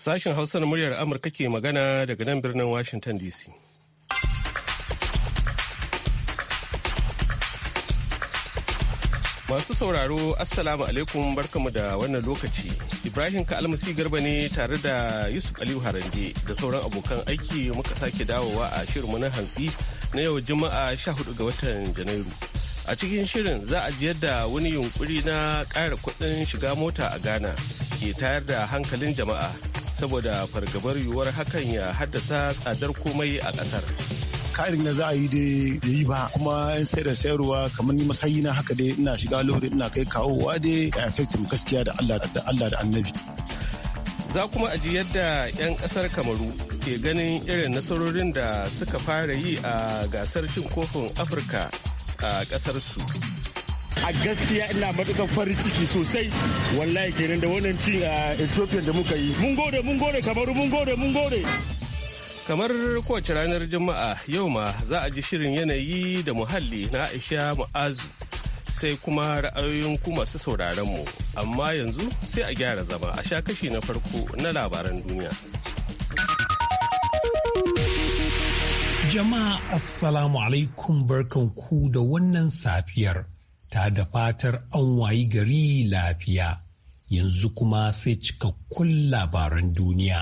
Sashen Hausa na muryar Amurka ke magana daga nan birnin Washington DC. Masu sauraro, Assalamu alaikum barkamu da wannan lokaci. Ibrahim Ka'almasi Garba ne tare da Yusuf Aliyu Harande da sauran abokan aiki muka sake dawowa a shirinmu na hantsi na yau Juma'a 14 ga watan Janairu. a cikin shirin za a ji yadda wani yunkuri na ƙara kuɗin shiga mota a ghana ke tayar da hankalin jama'a saboda fargabar yiwuwar hakan ya haddasa tsadar komai a ƙasar. karin da za a yi dai da yi ba kuma yan sai da sayarwa kamar ni masayi na haka dai ina shiga lori ina kai kawowa dai a effectin gaskiya da Allah da Annabi za kuma a ji yadda 'yan kasar kamaru ke ganin irin nasarorin da suka fara yi a gasar cin kofin afirka a kasar su a gaskiya ina matukan farin ciki sosai wallahi kenan da wannan cin a Ethiopia da muka yi mun gode mun gode kamaru mun gode mun gode kamar kowace ranar juma'a yau ma za a ji shirin yanayi da muhalli na aisha mu'azu sai kuma ra'ayoyin ku masu sauraron mu amma yanzu sai a gyara zama a sha kashi na farko na labaran duniya jama'a assalamu alaikum barkan ku da wannan safiyar ta da fatar an wayi gari lafiya yanzu kuma sai cikakkun labaran duniya.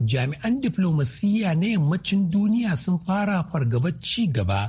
Jami'an diflomasiyya na yammacin duniya sun fara fargabar ci gaba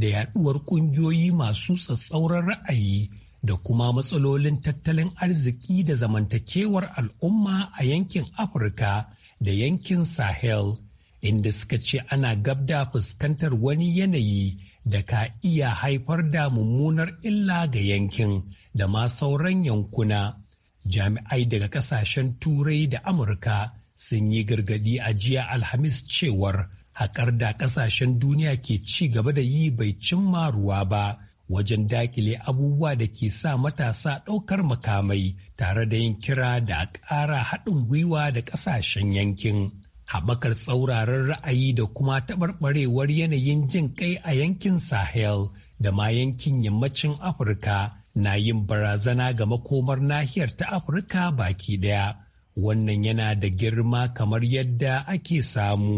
da yaduwar kungiyoyi masu tsatsauran ra'ayi da kuma matsalolin tattalin arziki da zamantakewar al'umma a yankin Afirka da yankin Sahel inda suka ce ana gabda fuskantar wani yanayi da ka iya haifar da mummunar illa ga yankin da ma sauran yankuna. Jami'ai daga kasashen Turai da Amurka sun yi gargadi a jiya Alhamis cewar haƙar da kasashen duniya ke ci gaba da yi bai cimma ruwa ba wajen dakile abubuwa da ke sa matasa ɗaukar makamai tare da yin kira da ƙara haɗin gwiwa da ƙasashen yankin. haɓakar tsauraran ra'ayi da kuma taɓarɓarewar yanayin jin kai a yankin sahel da ma yankin yammacin afirka na yin barazana ga makomar nahiyar ta afirka baki ɗaya wannan yana da girma kamar yadda ake samu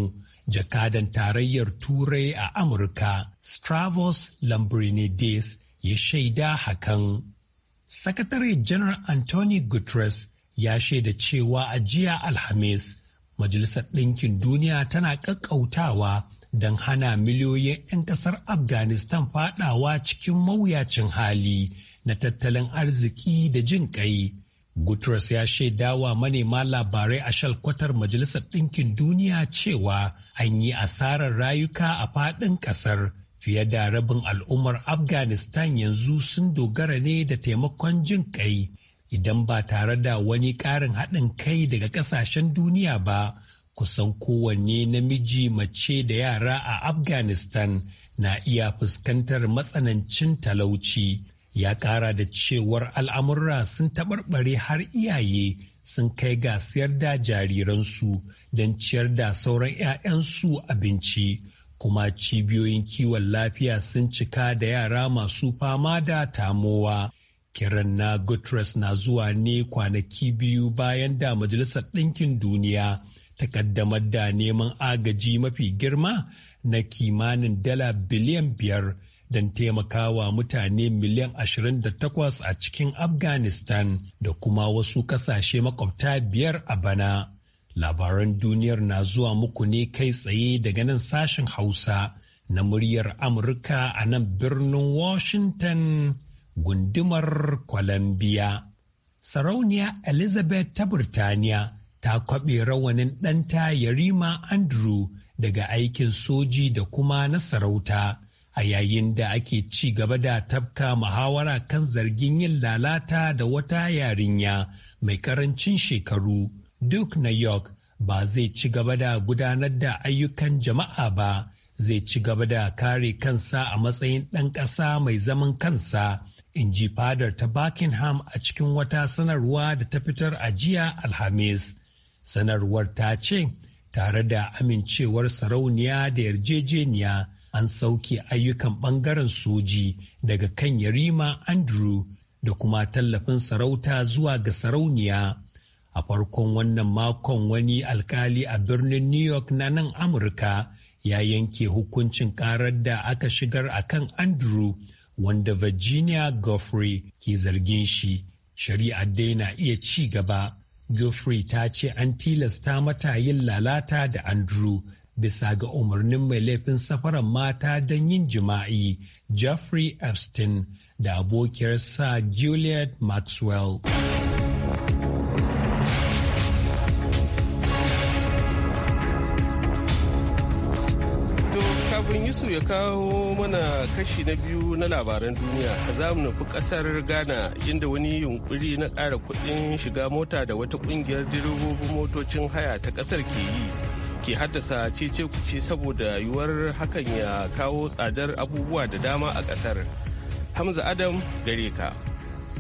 jakadan tarayyar turai a amurka stravos lambrinides ya shaida hakan sakatare janar Antony guterres ya shaida cewa a jiya alhamis Majalisar Ɗinkin Duniya tana ƙaƙƙautawa don hana miliyoyin 'yan ƙasar Afghanistan faɗawa cikin mawuyacin hali na tattalin arziki da jin ƙai. Guterres ya shaidawa manema labarai a shalkwatar Majalisar Ɗinkin Duniya cewa an yi asarar rayuka a faɗin ƙasar. Fiye da rabin al'ummar Afghanistan yanzu sun dogara ne da taimakon jin ƙai. idan ba tare da wani ƙarin haɗin kai daga ƙasashen duniya ba kusan kowanne namiji mace da yara a afghanistan na iya fuskantar matsanancin talauci ya ƙara da cewar al'amurra sun taɓarɓare har iyaye sun kai ga siyar da jariransu don ciyar da sauran 'ya'yansu abinci kuma cibiyoyin kiwon lafiya sun cika da yara masu fama da tamowa Kiran na Guterres na zuwa ne kwanaki biyu bayan da Majalisar Ɗinkin Duniya ta ƙaddamar da neman agaji mafi girma na kimanin dala biliyan biyar don taimakawa mutane miliyan 28 a cikin Afghanistan da kuma wasu ƙasashe makwabta biyar a bana. Labaran duniyar na zuwa muku ne kai tsaye daga nan sashen Hausa na muryar Amurka a nan birnin Washington. gundumar Columbia. Sarauniya Elizabeth ta Burtaniya ta kwaɓe rawanin ɗanta Yarima Andrew daga aikin soji da kuma na sarauta a yayin da ake ci gaba da tabka muhawara kan zargin yin lalata da wata yarinya mai karancin shekaru Duke na York ba zai ci gaba da gudanar da ayyukan jama'a ba zai ci gaba da kare kansa a matsayin ɗan ƙasa mai zaman kansa in ji fadar ta Buckingham a cikin wata sanarwa da ta fitar a jiya Alhamis. Sanarwar ta ce, tare da amincewar sarauniya da yarjejeniya an sauke ayyukan ɓangaren soji daga kan yarima Andrew da kuma tallafin sarauta zuwa ga sarauniya. A farkon wannan makon wani alkali a birnin New York na nan Amurka ya yanke hukuncin karar da aka shigar a kan Andrew wanda Virginia Goffrey ke zargin shi. shari'a dai na iya ci gaba. Goffrey ta ce an tilasta mata yin lalata da Andrew bisa ga umarnin mai laifin safaran mata don yin jima'i Jeffrey Epstein da abokiyar abokiyarsa Juliet Maxwell. kafin Yusuf ya kawo mana kashi na biyu na labaran duniya za mu nufi kasar Ghana inda wani yunkuri na ƙara kuɗin shiga mota da wata ƙungiyar direbobin motocin haya ta ƙasar ke yi ke haddasa cece kuce saboda yiwuwar hakan ya kawo tsadar abubuwa da dama a ƙasar. Hamza Adam gare ka.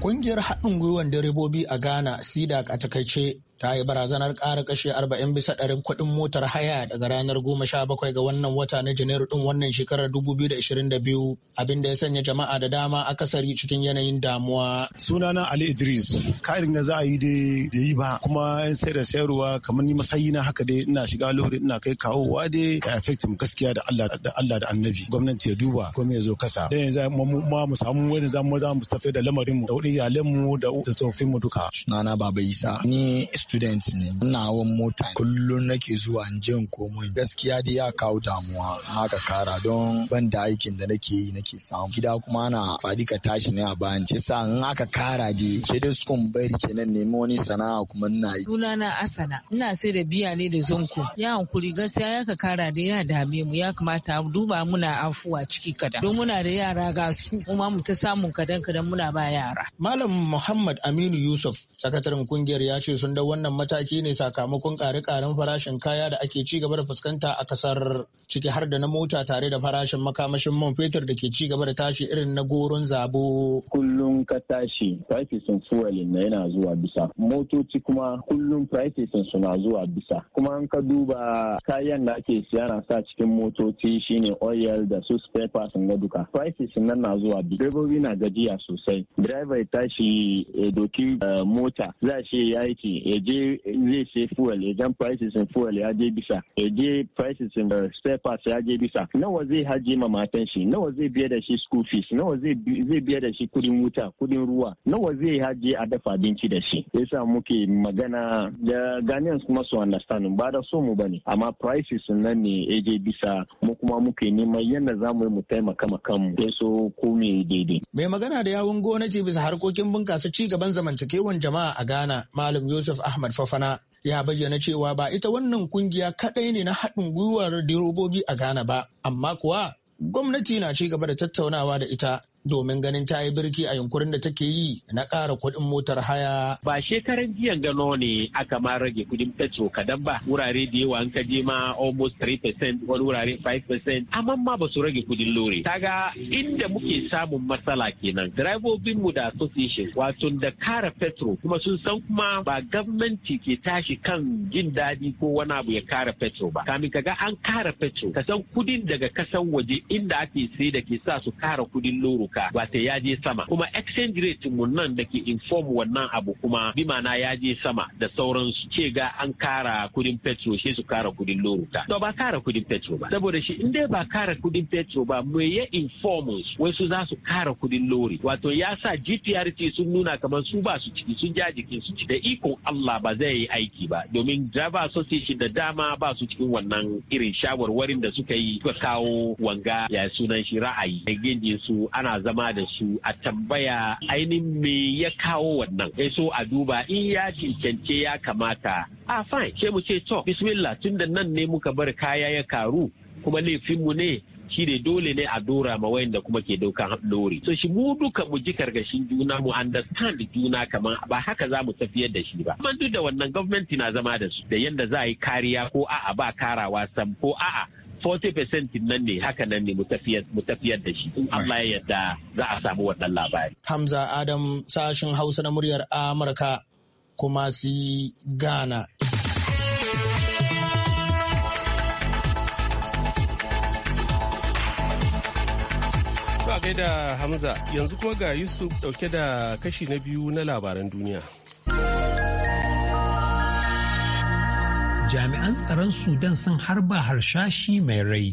Kungiyar haɗin gwiwar direbobi a Ghana, SIDAC a takaice, ta yi barazanar ƙara kashe 40 bisa ɗarin kuɗin motar haya daga ranar 17 ga wannan wata na janairu ɗin wannan shekarar 2022 abin da ya sanya jama'a da dama a kasari cikin yanayin damuwa. Sunana Ali Idris, ka'irin na za a yi dai da yi ba kuma yan sai da sayarwa kamar ni masayi na haka dai ina shiga lori ina kai kawowa dai ya affectin gaskiya da Allah da Allah da Annabi gwamnati ya duba ko me zo kasa. Dan yanzu ma mu samu wani zamu za mu tafi da lamarin mu da wani iyalan mu da tsofin mu duka. Sunana Baba Isa. Ni student ne ina hawan mota kullum nake zuwa in je komai gaskiya dai ya kawo damuwa haka kara don ban da aikin da nake yi nake samu gida kuma ana fadi ka tashi ne a bayan ce sa in aka kara dai ke dai sukun bari kenan nemi wani sana'a kuma ina yi na asana ina sai da biya ne da zonko ya hankuri gaskiya ya ka kara da ya dame mu ya kamata duba muna afuwa ciki kadan don muna da yara ga su kuma mu ta samun kadan kadan muna ba yara malam muhammad aminu yusuf sakataren kungiyar ya ce sun dawo wannan mataki ne sakamakon ƙare-ƙaren farashin kaya da ake ci gaba da fuskanta a kasar ciki har da na mota tare da farashin makamashin man fetur da ke ci gaba da tashi irin na goron zabo. Kullum ka tashi prices fuelin na yana zuwa bisa. Motoci kuma kullum prices suna zuwa bisa. Kuma an ka duba kayan da ake siya na sa cikin motoci shine oil da su spare sun duka. Prices nan na zuwa bisa. Direbobi na gajiya sosai. Driver ya tashi ya doki eh, mota za shi ya yi aiki ya je zai sai fuel idan prices in fuel ya je bisa ya e je prices in eh, spare parts ya je bisa nawa zai haje ma matan shi nawa zai biya da shi school fees nawa zai biya da shi kudin wuta kudin ruwa nawa zai haje a dafa abinci da shi yasa muke magana da Ghanaians kuma su understand ba da so mu bane amma prices nan ne je bisa mu kuma muke neman yadda za mu yi mu taimaka ma kanmu sai so ko me daidai mai magana da yawun gonaci bisa harkokin bunkasa ci gaban zamantakewan jama'a a Ghana Malam Yusuf Ahmad Ahmad Fafana ya bayyana cewa ba ita wannan kungiya kaɗai ne na haɗin gwiwar direbobi a Ghana ba, amma kuwa gwamnati na ci gaba da tattaunawa da ita domin ganin ta yi birki a yunkurin da take yi na ƙara kuɗin motar haya. Ba shekaran jiya gano ne aka ma rage kudin petrol kadan ba wurare da yawa an kaje ma almost 3% wani wurare 5% amma ma ba su rage kuɗin lori. taga inda muke samun matsala kenan. Direbobin mu da association wato da kara petrol kuma sun san kuma ba gwamnati ke tashi kan jin daɗi ko wani abu ya kara petrol ba. Kamin ga an kara petrol ka san kuɗin daga kasan waje inda ake sai da ke sa su kara kuɗin loro afirka wato ya je sama kuma exchange rate mu nan da ke inform wannan abu kuma bi ma'ana ya je sama da sauransu ce ga an kara kudin petro shi su kara kudin loruta to ba kara kudin petro ba saboda shi in dai ba kara kudin petro ba me ya inform wai su za su kara kudin lori wato ya sa GPRT sun nuna kamar su ba su ciki sun ja jikin su da ikon Allah ba zai yi aiki ba domin driver association da dama ba su cikin wannan irin shawarwarin da suka yi suka kawo wanga ya sunan shi ra'ayi da su ana zama da su a tambaya ainihin me ya kawo wannan ya eh, so a duba in ya cancance ya kamata a ah, fine sai mu ce to bismillah da nan ne muka bar kaya ya karu kuma laifinmu ne shi ne dole ne a dora ma wayanda kuma ke daukan lori. so shi mu duka mu ji kargashin juna mu understand juna kamar ba haka za mu tafiyar da shi ba amma duk da wannan gwamnati na zama da su da yadda za a yi kariya ko a'a ba karawa sam ko a'a 40% nan ne haka nan ne mu tafiyar da shi Amma yadda za a samu wannan labari. Hamza Adam sashin Hausa na muryar Amurka kuma si Ghana. Ba gaida Hamza yanzu kuma ga Yusuf dauke da kashi na biyu na labaran duniya. jami'an tsaron sudan sun harba harshashi mai rai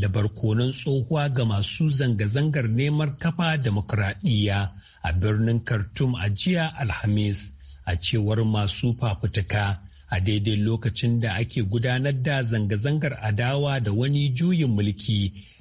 da barkonon tsohuwa ga masu zanga-zangar neman kafa demokuraɗiyya a birnin khartoum a jiya alhamis a cewar masu fafutuka a daidai lokacin da ake gudanar da zanga-zangar adawa da wani juyin mulki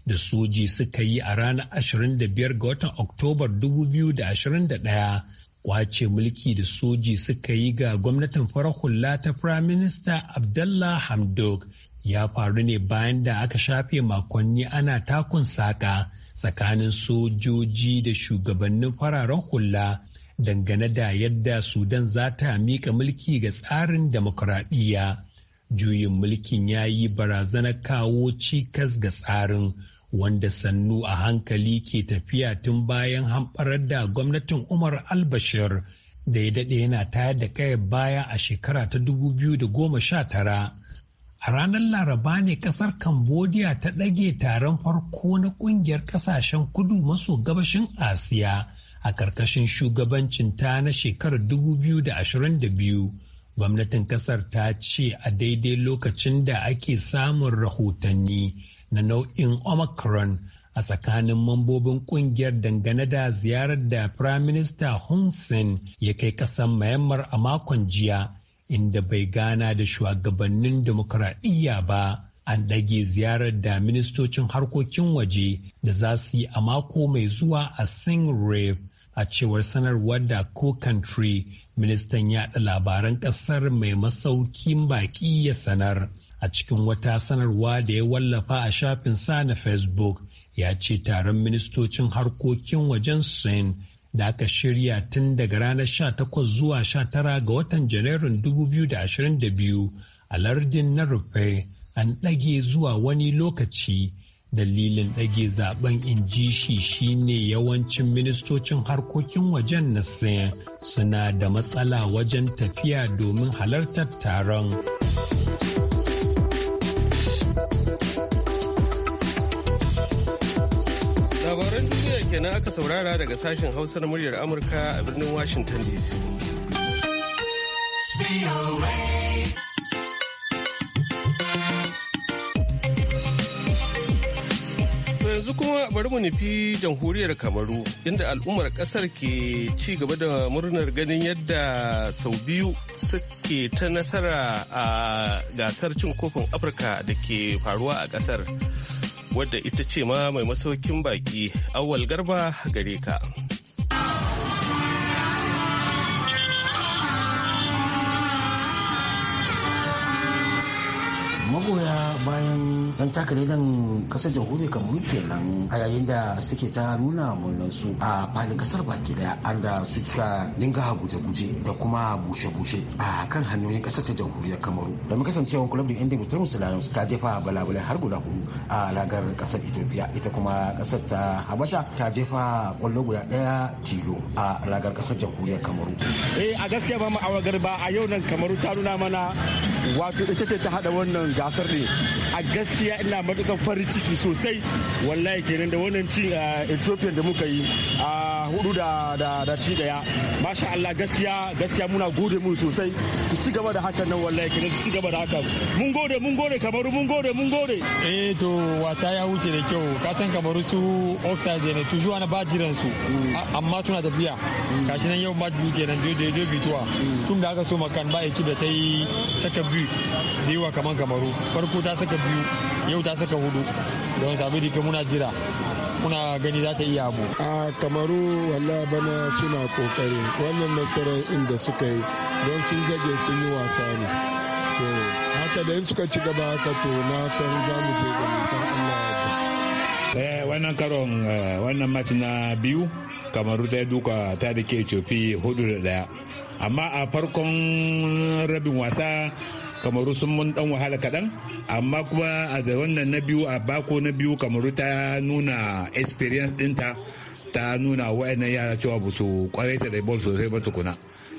da soji suka yi a ranar 25 ga watan oktobar 2021 kwace mulki da soji suka yi ga gwamnatin farar hula ta Prime Minister Abdallah Hamdok ya faru ne bayan da aka shafe makonni ana takun saka tsakanin sojoji da shugabannin fararen hula dangane da yadda Sudan za ta miƙa mulki ga tsarin demokuraɗiyya. Juyin mulkin ya yi barazanar kawo cikas ga tsarin. wanda sannu a hankali ke tafiya tun bayan hamɓarar da gwamnatin Umar al-Bashir da ya daɗe yana tayar da kai baya a shekara ta 2019. A ranar Laraba ne ƙasar Cambodia ta ɗage taron farko na ƙungiyar ƙasashen kudu maso gabashin Asiya a ƙarƙashin shugabancin ta na shekarar 2022. Gwamnatin ƙasar ta ce a daidai lokacin da ake samun rahotanni na nau'in Omicron a tsakanin mambobin kungiyar dangane da ziyarar da Prime Minister Hun Sen ya kai kasan mayammar a makon jiya inda bai gana da shugabannin demokuraɗiyya ba. An ɗage ziyarar da ministocin harkokin waje da za su yi a mako mai zuwa a Singh a cewar sanarwar da co country ministan yaɗa labaran ƙasar mai masaukin baƙi ya sanar. a cikin wata sanarwa da ya wallafa a shafin sa na facebook ya ce taron ministocin harkokin wajen sin da aka shirya tun daga ranar 18 zuwa 19 ga watan janairun 2022 a lardin na rufe an ɗage zuwa wani lokaci dalilin ɗage zaben in ji shi shine yawancin ministocin harkokin wajen na sin suna da matsala wajen tafiya domin halartar taron. kenan aka saurara daga sashen Hausa na muryar Amurka a birnin Washington DC. yanzu kuma bari mu nufi jamhuriyar kamaru inda al'ummar kasar ke ci gaba da murnar ganin yadda sau biyu suke ta nasara a gasar cin kofin afirka da ke faruwa a kasar wadda ita ce ma mai masaukin baki awal garba gare ka. magoya bayan yan nan kasar jamhuriyar kamaru kenan a yayin da suke ta nuna su a falin kasar baki daya an da suka dinga guje-guje da kuma bushe-bushe a kan hanyoyin kasar ta jamhuriyar kamaru da mu kasancewa club din inda mutum su ta jefa balabulai har guda hudu a lagar kasar ethiopia ita kuma kasar ta habasha ta jefa kwallo guda daya tilo a lagar kasar jamhuriyar kamaru eh a gaskiya ba mu wagar ba a yau nan kamaru ta nuna mana wato ita ce ta hada wannan gasar ne a gaskiya gaskiya ina matukan farin ciki sosai wallahi kenan da wannan ci a eh, ethiopian da muka yi a hudu da da ci daya masha Allah gaskiya gaskiya muna gode mu sosai ku ci gaba da hakan nan wallahi kenan ku ci gaba da hakan mun gode mun gode kamaru mun gode mun gode eh to wasa ya wuce da kyau ka san kamaru su oxide ne zuwa na badiran su mm. amma suna tafiya kashi mm. nan yau ma biyu kenan daidai bituwa mm. tun da aka so makan ba ekip da ta yi saka biyu da yawa kamar kamaru farko ta saka biyu yau ta saka hudu don sabidi ka muna jira muna gani za ta iya abu. a kamaru walla bana suna kokari wannan nasarar inda suka yi don sun zage sun yi wasa ne to haka da in suka ci gaba haka to na san za mu je da nisan allah ya eh, wannan karon eh, wannan match na biyu kamaru ta duka ta da ke cofi hudu da daya amma a farkon rabin wasa kamaru sun mun dan wahala kaɗan amma kuma a da wannan na biyu a bako na biyu kamaru ta nuna experience dinta ta nuna wa'annan yara cewa ba su kwarai ta da ball sosai ba tukuna.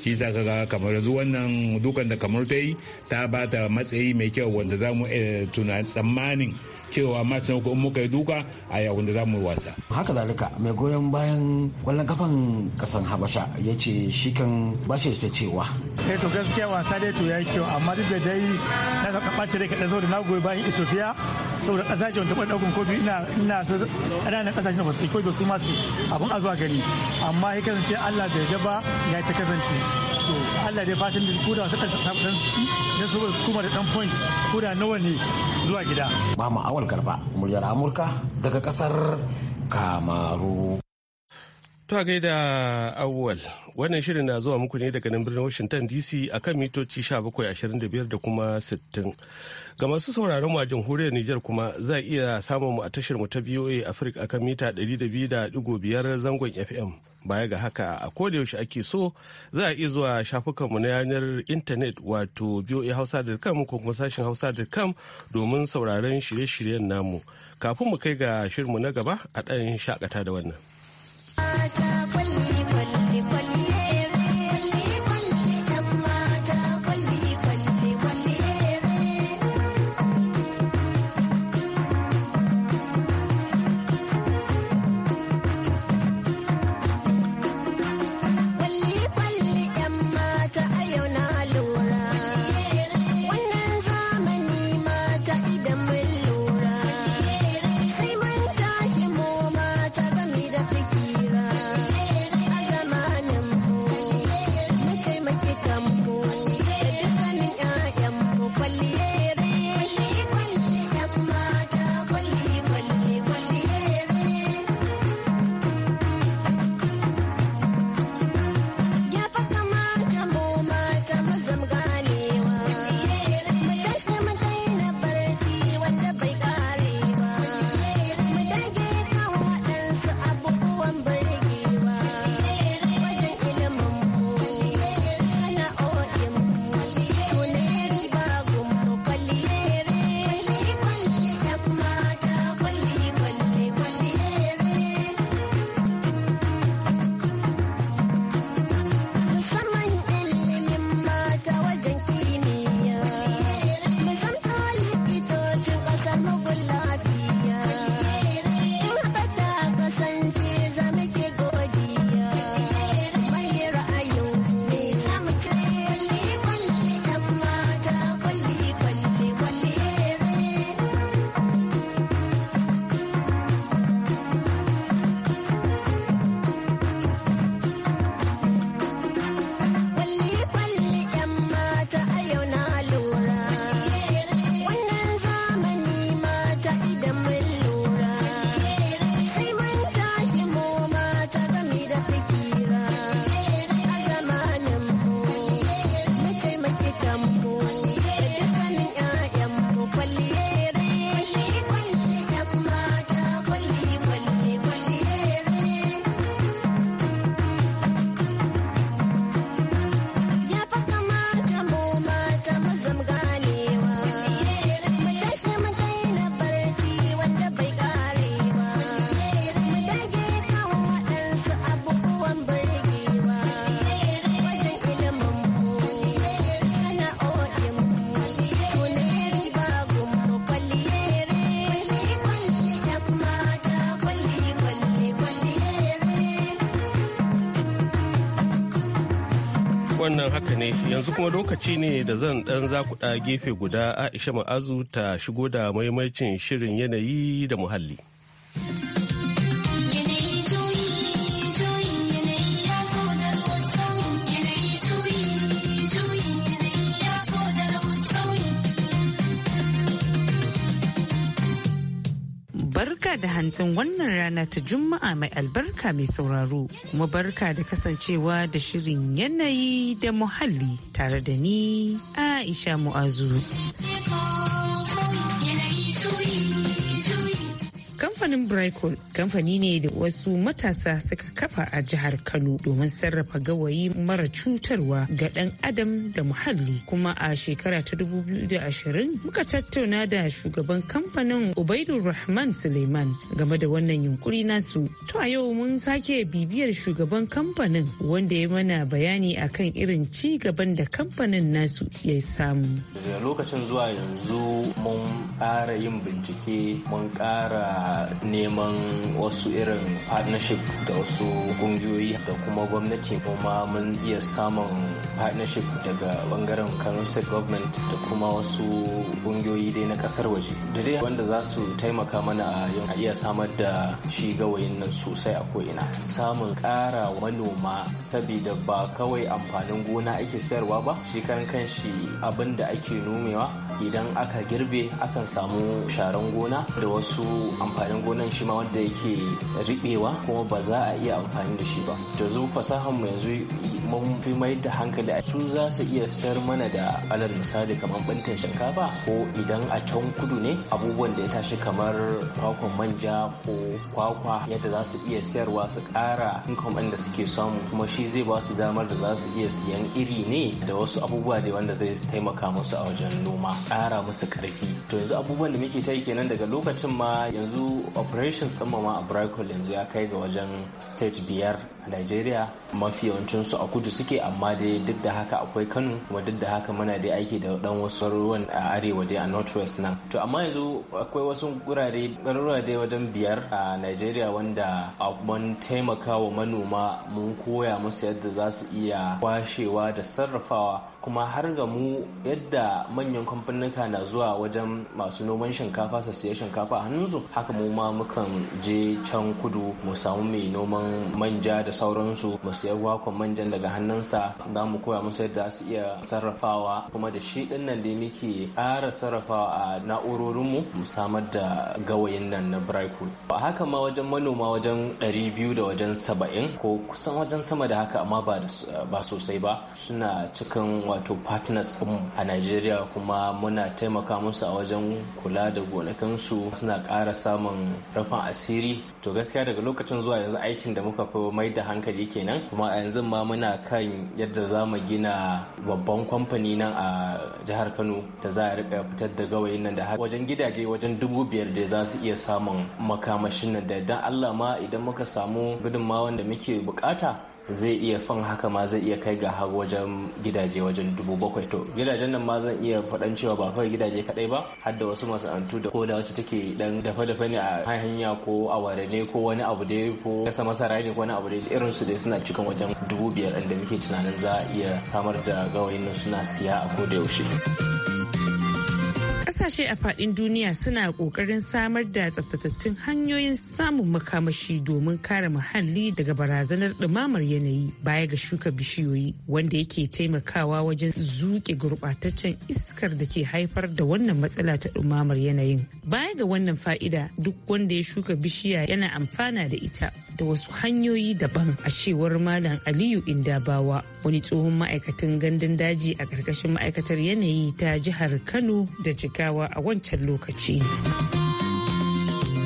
shi sa ka ga kamar yanzu wannan dukan da kamar ta yi ta ba ta matsayi mai kyau wanda za mu eh, tuna tsammanin cewa ma sun in muka yi duka a yau wanda za mu wasa. haka zalika mai goyon bayan kwallon kafan kasan habasha ya ce shi kan ba shi ta cewa. eh to gaskiya wasa dai to ya yi kyau amma duk da dai na ka ɓace da ka ɗazo da na goyi bayan ethiopia saboda kasashe wanda taɓa ɗaukan kofi ina ina so na kasashe da basu kofi su masu abun azuwa gani amma ya kasance Allah bai gaba ya ta kasance to Allah dai fatan da ko da wasu samu dan ci da su kuma da dan point ko da nawa ne zuwa gida mama awal garba muryar Amurka daga kasar Kamaru To gaida awwal wannan shirin na zuwa muku ne daga nan birnin Washington DC akan mitoci 1725 da kuma 60. Ga masu sauraron mu a jamhuriyar Nijar kuma za iya samun mu a tashar mu ta BOA Africa akan mita 200.5 zangon FM. Baya ga haka a koda yaushe ake so za a iya zuwa shafukan mu na yanar intanet wato boahausa.com ko kuma sashin hausa.com domin sauraron shirye-shiryen namu. Kafin mu kai ga shirinmu na gaba a ɗan shakata da wannan. wannan haka ne yanzu kuma lokaci ne da zan dan zakuɗa gefe guda aisha ma'azu ta shigo da maimacin shirin yanayi da muhalli da hantsin wannan rana ta Juma'a mai albarka mai sauraro, kuma barka da kasancewa da shirin yanayi da muhalli tare da ni Aisha Mu'azu. Kamfanin Bricol kamfani ne da wasu matasa suka kafa a jihar Kano domin sarrafa gawayi mara cutarwa ga ɗan adam da muhalli kuma a shekara ta 2020 muka tattauna da shugaban kamfanin Ubaidu Rahman Suleiman game da wannan yunkuri nasu. To a yau mun sake bibiyar shugaban kamfanin wanda ya mana bayani akan irin ci gaban da kamfanin nasu ya samu. Daga lokacin zuwa yanzu mun ƙara yin bincike mun ƙara neman wasu irin partnership da wasu kungiyoyi da kuma gwamnati kuma mun iya samun partnership daga bangaren kano state government da kuma wasu kungiyoyi dai na kasar waje da dai wanda za su taimaka mana a yin iya samar da shi gawayin nan sosai a ko'ina samun kara manoma sabida ba kawai amfanin gona ake sayarwa ba shi kan kanshi abin da ake nomewa idan aka girbe akan samu sharan gona da wasu amfani amfanin gonan shi ma wanda yake riɓewa kuma ba za a iya amfani da shi ba to zo fasahar mu yanzu mun fi mai da hankali a su za su iya sayar mana da alal misali kamar bantin shinkafa ko idan a can kudu ne abubuwan da ya tashi kamar kwakwan manja ko kwakwa yadda za su iya sayarwa su kara income da suke samu kuma shi zai ba su damar da za su iya siyan iri ne da wasu abubuwa da wanda zai taimaka musu a wajen noma kara musu karfi to yanzu abubuwan da muke ta kenan daga lokacin ma yanzu operations kamar ma a yanzu ya kai ga wajen state biyar a Najeriya mafi su a kudu suke amma dai duk da haka akwai kano kuma duk da haka muna dai aiki da dan wasu ruwan a arewa dai a northwest nan to amma yanzu akwai wasu gurare garuruwa dai wajen biyar a nigeria wanda akwai taimakawa manoma mun koya musu yadda za su iya kwashewa da sarrafawa kuma har ga mu yadda manyan kamfanuka na zuwa wajen masu noman shinkafa su siya shinkafa a hannunsu haka mu ma mukan je can kudu mu samu mai noman manja da sauransu mu siya kwakwan manjan daga daga hannunsa za mu koya musu yadda su iya sarrafawa kuma da shi din nan dai muke ƙara sarrafawa a na'urorinmu mu samar da gawayin nan na bracul a haka ma wajen manoma wajen 200 da wajen 70 ko kusan wajen sama da haka amma ba sosai ba suna cikin wato partners a Najeriya kuma muna taimaka musu a wajen kula da gonakinsu suna ƙara samun rafin asiri to gaskiya daga lokacin zuwa yanzu aikin da muka fi mai da hankali kenan kuma a yanzu ma muna Akan kan yadda za mu gina babban kwamfani nan a jihar kano da za a rika fitar da gawayin nan da wajen gidaje wajen dubu biyar da za su iya samun makamashin nan da idan allah ma idan muka samu gudunmawan da muke bukata zai iya fan haka ma zai iya kai ga har wajen gidaje wajen dubu bakwai to gidajen nan ma zan iya faɗan cewa ba kawai gidaje kaɗai ba har da wasu masana'antu da koda wacce take dan dafa-dafa ne a hanya ko a ware ne ko wani abu dai ko kasa masara ne ko wani abu dai irin su dai suna cikin wajen dubu biyar da muke tunanin za a iya samar da gawayin nan suna siya a da yaushe. Kasashe a fadin duniya suna kokarin samar da tsaftatattun hanyoyin samun makamashi domin kare muhalli daga barazanar dumamar yanayi baya ga shuka bishiyoyi wanda yake taimakawa wajen zuƙe gurɓataccen iskar da ke haifar da wannan matsala ta dumamar yanayin. Baya ga wannan fa'ida duk wanda ya shuka bishiya yana amfana da ita da wasu hanyoyi daban a cewar Malam Aliyu Indabawa wani tsohon ma'aikatan gandun daji a ƙarƙashin ma'aikatar yanayi ta jihar Kano da Jigawa. shiryawa a wancan lokaci.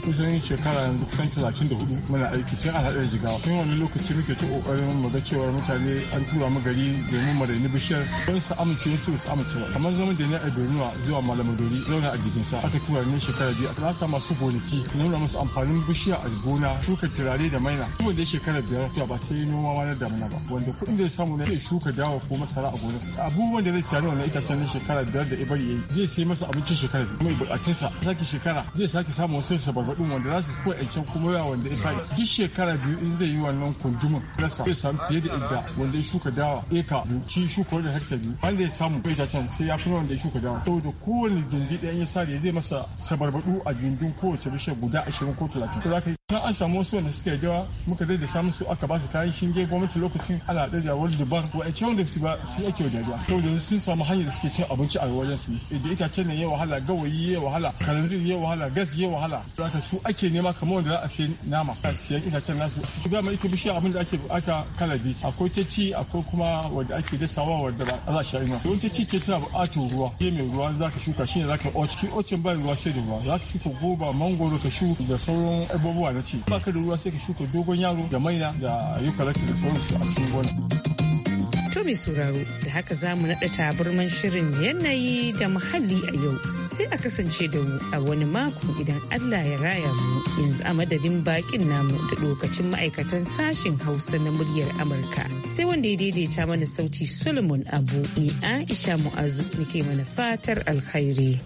kusan shekara kusan hudu muna aiki tun a haɗar jigawa tun wani lokaci muke ta ƙoƙarin mu ga cewa mutane an tura mu gari domin mu raini bishiyar don su amince su su amince kamar zaman da ni a Borno zuwa Malam Dori zauna a jikin sa aka tura ni shekara biyu na sa masu gonaki nuna musu amfanin bishiya a gona shuka turare da maina kuma da shekara biyar to ba sai noma ma na damuna ba wanda kuɗin da ya samu na iya shuka dawa ko masara a gona abubuwan da zai sa na wannan itacen shekara biyar da ibari yayi zai sai masa abincin shekara biyu mai bukatunsa sake shekara zai sake samu wasu sabar din wanda za su fi aikin kuma yawa wanda isa duk shekara biyu in zai yi wannan kundumin rasa zai samu fiye da inda wanda ya shuka dawa eka shi shuka da hekta biyu wanda ya samu bai can sai ya fi wanda ya shuka dawa saboda kowane gindi ɗaya ya sare zai masa sabarbaɗu a gindin kowace bishiyar guda ashirin ko talatin ko za ka yi kan an samu wasu wanda suka yawa muka zai da samun su aka ba su kayan shinge gwamnati lokacin ana ɗaga wani a wa'ance wanda su ba su ake wajajuwa saboda sun samu hanyar da suke cin abinci a wajen su da itacen ne ya wahala gawayi ya wahala kalanzir ya wahala gas ya wahala su ake nema kamar wanda za a sayi nama a siyan itacen nasu su dama ita bishiya abin da ake bukata kala biyu akwai ta ci akwai kuma wanda ake dasawa wanda ba za a sha ina don ta ci ce tana bukatar ruwa ke mai ruwa za ka shuka shine za ka o cikin ocin ba ruwa sai da ruwa za ka shuka goba mangoro ka shuka da sauran abubuwa na ci ba ka da ruwa sai ka shuka dogon yaro da maina da eucalyptus da sauransu a cikin gona. To mai sauraro da haka za mu naɗa taburman shirin yanayi da muhalli a yau sai a kasance da mu a wani mako idan Allah ya raya mu yanzu a madadin bakin namu da lokacin ma'aikatan sashen Hausa na muryar Amurka. Sai wanda ya daidaita mana sauti Solomon Abu ni Aisha Mu'azu nake mana fatar alkhairi.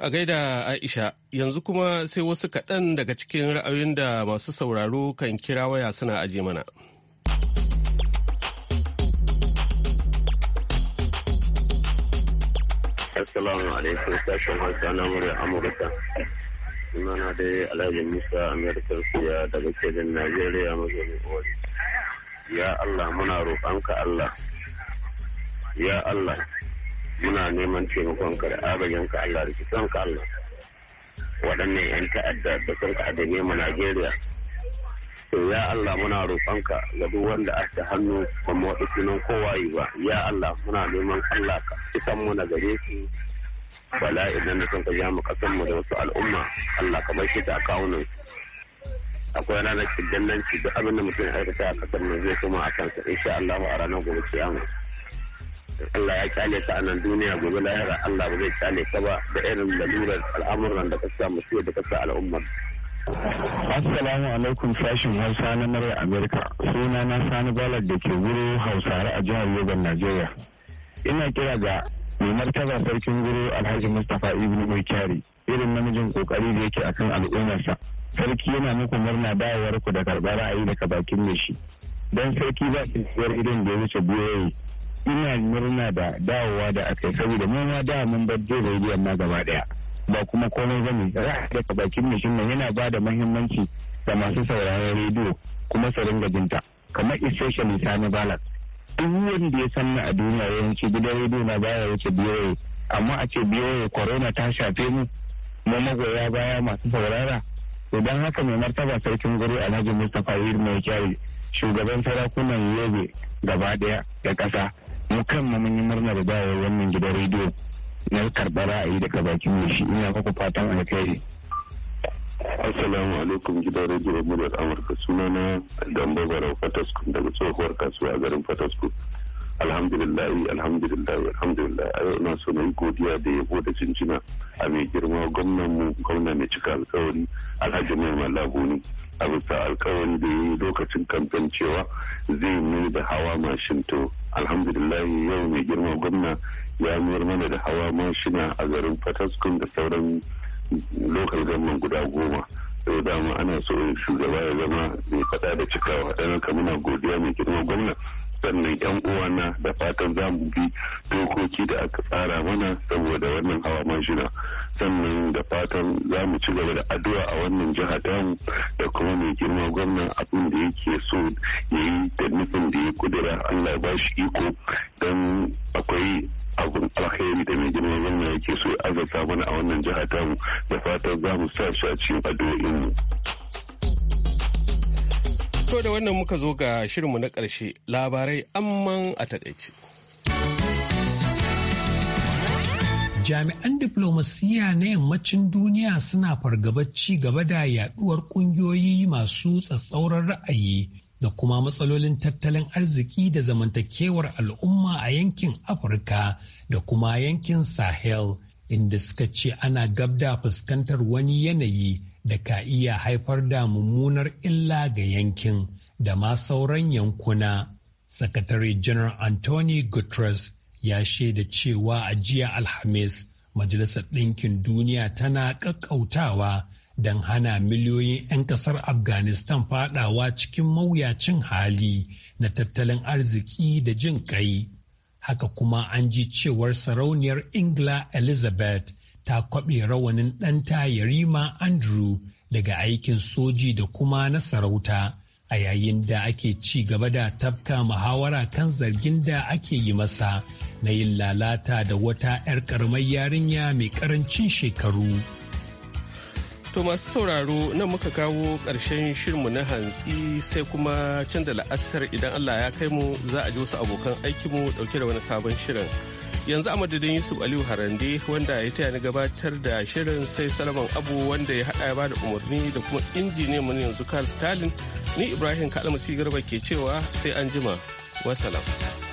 A gaida Aisha, yanzu kuma sai wasu kaɗan daga cikin ra'ayoyin da masu sauraro kan kira waya suna aje mana. Assalamu alaikum, sashen Hausa na murya Amurka. Sunana dai Alhaji Musa Amerika Suya daga Kejin Najeriya mazauni Ori. Ya Allah muna roƙonka Allah. Ya Allah muna neman taimakon ka da agajin ka Allah da kisan ka Allah waɗannan 'yan ta'adda da sun ka adane Najeriya to ya Allah muna roƙonka ga duk wanda a ta hannu ba mu waɗi sunan yi ba ya Allah muna neman Allah ka kisan mu na gare su bala idan da sun ka ja mu kasan mu da wasu al'umma Allah ka bar shi ta kawunan akwai ranar cikin nan ci abin da mutum ya aikata a kasar nan zai kuma a kansa insha Allah a ranar gobe kiyama. Allah ya kyale ta a nan duniya gobe lahira Allah ba zai kyale ta ba da irin lalurar al'amuran da ka sa musu da ka sa al'ummar. Assalamu alaikum sashin Hausa na Murya Amerika. Suna na Sani Balad da ke wuri Hausare a jihar Yobon Najeriya. Ina kira ga mai martaba sarkin guru Alhaji Mustapha Ibn Boykari irin namijin kokari da yake akan al'ummarsa. Sarki yana muku murna dawowar ku da karɓar ra'ayi daga bakin mai shi. don sarki ba shi idan da ya wuce biyoyi ina murna da dawowa da aka yi saboda mu ma da mun bar jin rediyon na gaba daya ba kuma komai bane ra'ayi daga bakin mashin nan yana ba da mahimmanci ga masu sauraron rediyo kuma su ringa binta kamar especially na balak duk wanda ya san a duniya yawanci gidan rediyo na baya wuce biyoyi amma a ce biyoyi corona ta shafe mu mu magoya baya masu saurara idan haka mai martaba sarkin guri alhaji mustapha yir mai kyari shugaban sarakunan yobe gaba daya da kasa mu kanmu mun yi murna da wannan gidan rediyo na karɓar ra'ayi daga bakin shi ina kuka fatan alkhairi Assalamu alaikum gidan rediyo muryar Amurka sunana Dambo Barau Fataskun daga tsohuwar kasuwa garin Fataskun. alhamdulillah alhamdulillah alhamdulillah ina so na yi godiya da yabo da jinjina a mai girma gwamnan mu gwamna mai cika alkawari alhaji mai malabo a bisa alkawari da yi lokacin kamfen cewa zai ne da hawa mashin to alhamdulillah yau mai girma gwamna ya mayar mana da hawa mashina a garin fataskun da sauran lokal gwamnan guda goma sau dama ana so shugaba ya zama mai fada da cikawa ɗan kamuna godiya mai girma gwamna sannan yan uwana da fatan za mu bi dokoki da aka tsara mana saboda wannan hawa majina sannan da fatan za mu ci gaba da addu'a a wannan jiha tamu da kuma mai girma gwamnan abin da yake so ya yi da nufin da ya kudura allah ba shi iko don akwai abin alkhairi da mai girma gwamna yake so ya azarta mana a wannan jiha tamu da fatan za mu sa shi a cikin addu'o'inmu. To da wannan muka zo ga shirinmu na ƙarshe labarai amman a taƙaice. Jami'an diflomasiyya na yammacin duniya suna fargabar ci gaba da yaduwar ƙungiyoyi masu tsatsauran ra'ayi da kuma matsalolin tattalin arziki da zamantakewar al'umma a yankin Afirka da kuma yankin Sahel inda suka ce ana gabda fuskantar wani yanayi da ka iya haifar da mummunar illa ga yankin da ma sauran yankuna. Sakatare General Anthony Guterres ya shaida cewa a jiya Alhamis Majalisar Ɗinkin Duniya tana ƙaƙƙautawa don hana miliyoyin 'yan ƙasar Afghanistan faɗawa cikin mawuyacin hali na tattalin arziki da jin ƙai. Haka kuma an ji cewar sarauniyar Ingila Elizabeth ta kwaɓe rawanin ɗanta Yarima Andrew daga aikin soji da kuma na sarauta a yayin da ake ci gaba da tafka muhawara kan zargin da ake yi masa na yin lalata da wata 'yar karamar yarinya mai karancin shekaru. To masu sauraro nan muka kawo ƙarshen shirinmu na hantsi sai kuma can da la'asar idan Allah ya kai mu za a ji wasu abokan aikinmu ɗauke da wani sabon shirin. yanzu a madadin yusuf aliyu harande wanda ya taya ni gabatar da shirin sai salaman abu wanda ya haɗa ya bada umarni da kuma injini mun yanzu karl stalin ni ibrahim kalmasi garba ke cewa sai an jima wasalam